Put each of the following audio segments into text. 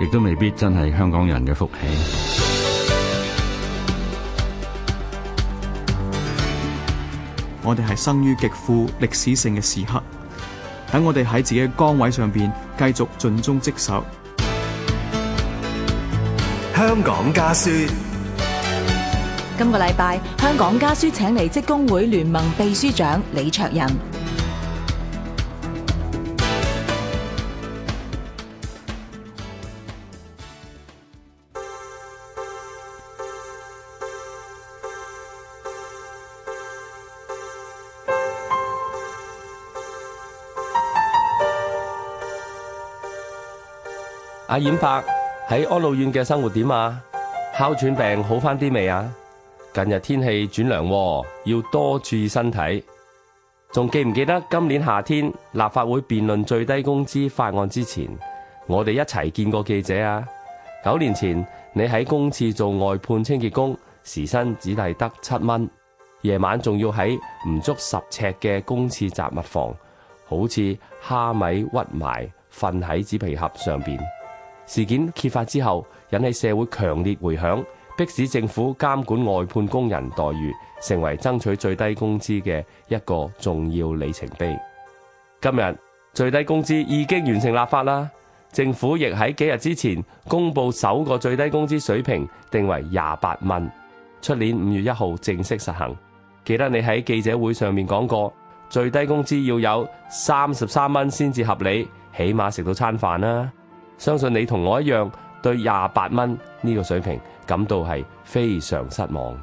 亦都未必真係香港人嘅福氣。我哋係生於極富歷史性嘅時刻，等我哋喺自己嘅崗位上邊繼續盡忠職守。香港家書，今個禮拜香港家書請嚟職工會聯盟秘書長李卓人。阿演伯喺安老院嘅生活點啊？哮喘病好翻啲未啊？近日天氣轉涼，要多注意身體。仲記唔記得今年夏天立法會辯論最低工資法案之前，我哋一齊見過記者啊？九年前你喺公廁做外判清潔工，時薪只係得七蚊，夜晚仲要喺唔足十尺嘅公廁雜物房，好似蝦米屈埋瞓喺紙皮盒上面。事件揭發之後，引起社會強烈迴響，迫使政府監管外判工人待遇，成為爭取最低工資嘅一個重要里程碑。今日最低工資已經完成立法啦，政府亦喺幾日之前公布首個最低工資水平，定為廿八蚊，出年五月一號正式實行。記得你喺記者會上面講過，最低工資要有三十三蚊先至合理，起碼食到餐飯啦。相信你同我一樣，對廿八蚊呢個水平感到係非常失望。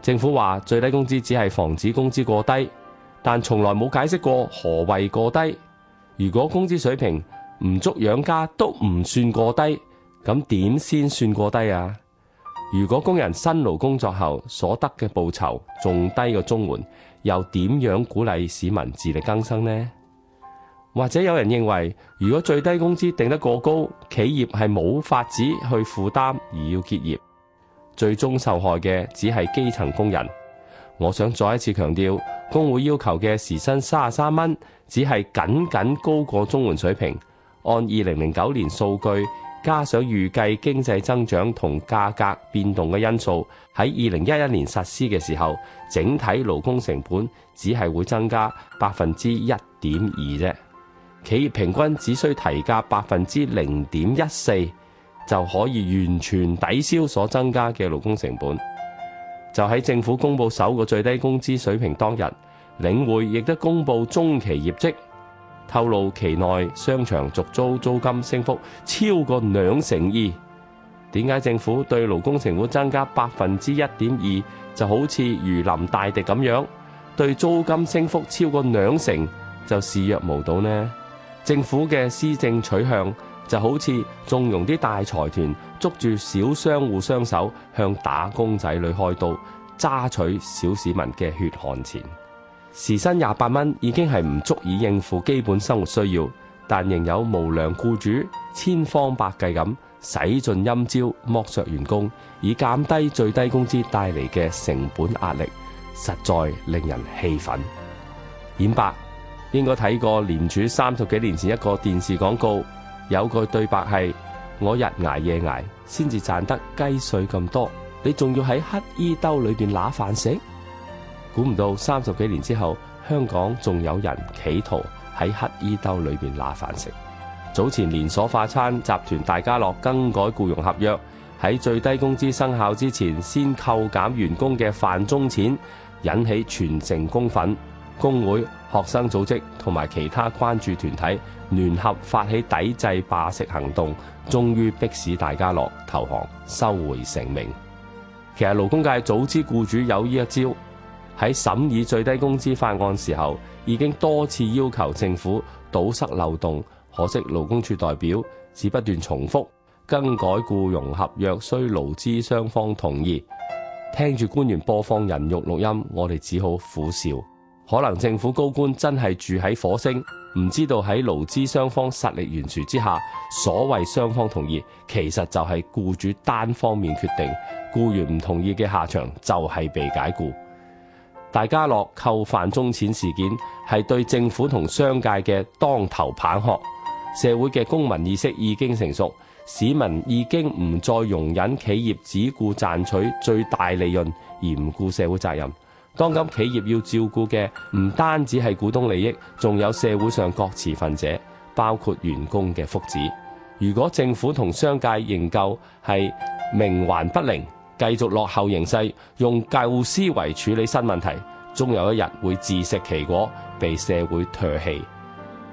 政府話最低工資只係防止工資過低，但從來冇解釋過何謂過低。如果工資水平唔足養家都唔算過低，咁點先算過低啊？如果工人辛勞工作後所得嘅報酬仲低過綜援，又點樣鼓勵市民自力更生呢？或者有人認為，如果最低工資定得過高，企業係冇法子去負擔，而要結業，最終受害嘅只係基層工人。我想再一次強調，工會要求嘅時薪三十三蚊，只係僅僅高過中環水平。按二零零九年數據，加上預計經濟增長同價格變動嘅因素，喺二零一一年實施嘅時候，整體勞工成本只係會增加百分之一點二啫。企業平均只需提價百分之零點一四就可以完全抵消所增加嘅勞工成本。就喺政府公布首個最低工資水平當日，領匯亦都公布中期業績，透露期內商場續租，租租金升幅超過兩成二。點解政府對勞工成本增加百分之一點二就好似如臨大敵咁樣，對租金升幅超過兩成就視若無睹呢？政府嘅施政取向就好似縱容啲大財團捉住小商戶雙手，向打工仔女開刀，榨取小市民嘅血汗錢。時薪廿八蚊已經係唔足以應付基本生活需要，但仍有無良僱主千方百計咁使盡陰招剝削員工，以減低最低工資帶嚟嘅成本壓力，實在令人氣憤。完畢。應該睇過廉署，三十幾年前一個電視廣告，有句對白係：我日挨夜挨，先至賺得雞碎咁多，你仲要喺乞衣兜裏邊拿飯食？估唔到三十幾年之後，香港仲有人企圖喺乞衣兜裏邊拿飯食。早前連鎖快餐集團大家樂更改僱傭合約，喺最低工資生效之前先扣減員工嘅飯中錢，引起全城公憤。工會、學生組織同埋其他關注團體聯合發起抵制罷食行動，終於迫使大家樂投降，收回成命。其實勞工界早知雇主有呢一招，喺審議最低工資法案時候，已經多次要求政府堵塞漏洞。可惜勞工處代表只不斷重複更改雇傭合約，需勞資雙方同意。聽住官員播放人肉錄音，我哋只好苦笑。可能政府高官真係住喺火星，唔知道喺勞資雙方實力懸殊之下，所謂雙方同意，其實就係雇主單方面決定，雇員唔同意嘅下場就係被解雇。大家樂扣飯鐘錢事件係對政府同商界嘅當頭棒喝，社會嘅公民意識已經成熟，市民已經唔再容忍企業只顧賺取最大利潤而唔顧社會責任。當今企業要照顧嘅唔單止係股東利益，仲有社會上各持份者，包括員工嘅福祉。如果政府同商界仍舊係冥頑不靈，繼續落後形勢，用舊思維處理新問題，終有一日會自食其果，被社會唾棄。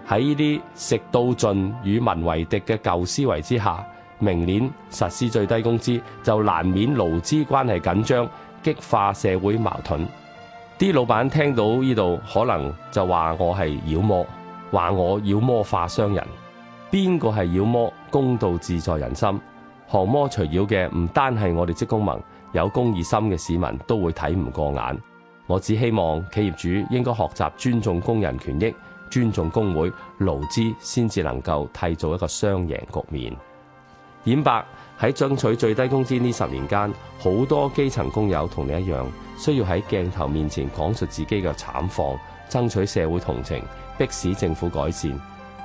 喺呢啲食到盡、與民為敵嘅舊思維之下，明年實施最低工資，就難免勞資關係緊張，激化社會矛盾。啲老闆聽到呢度，可能就話我係妖魔，話我妖魔化商人。邊個係妖魔？公道自在人心，降魔除妖嘅唔單係我哋職工盟，有公義心嘅市民都會睇唔過眼。我只希望企業主應該學習尊重工人權益，尊重工會勞資，先至能夠締造一個雙贏局面。演白喺爭取最低工資呢十年間，好多基層工友同你一樣，需要喺鏡頭面前講述自己嘅慘況，爭取社會同情，迫使政府改善。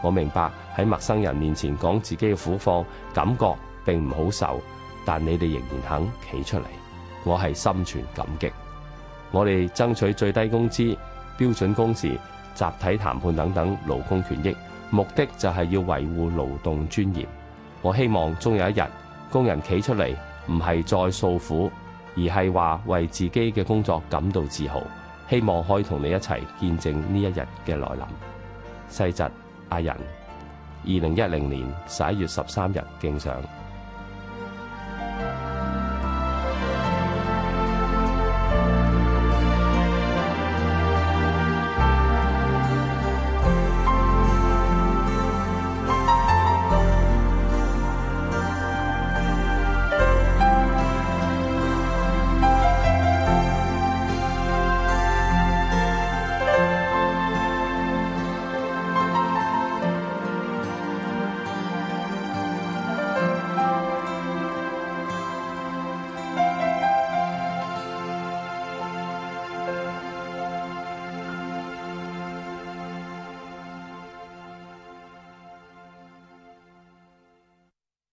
我明白喺陌生人面前講自己嘅苦況，感覺並唔好受，但你哋仍然肯企出嚟，我係心存感激。我哋爭取最低工資、標準工時、集體談判等等勞工權益，目的就係要維護勞動尊嚴。我希望終有一日，工人企出嚟，唔係再訴苦，而係話為自己嘅工作感到自豪。希望可以同你一齊見證呢一日嘅來臨。世侄阿仁，二零一零年十一月十三日敬上。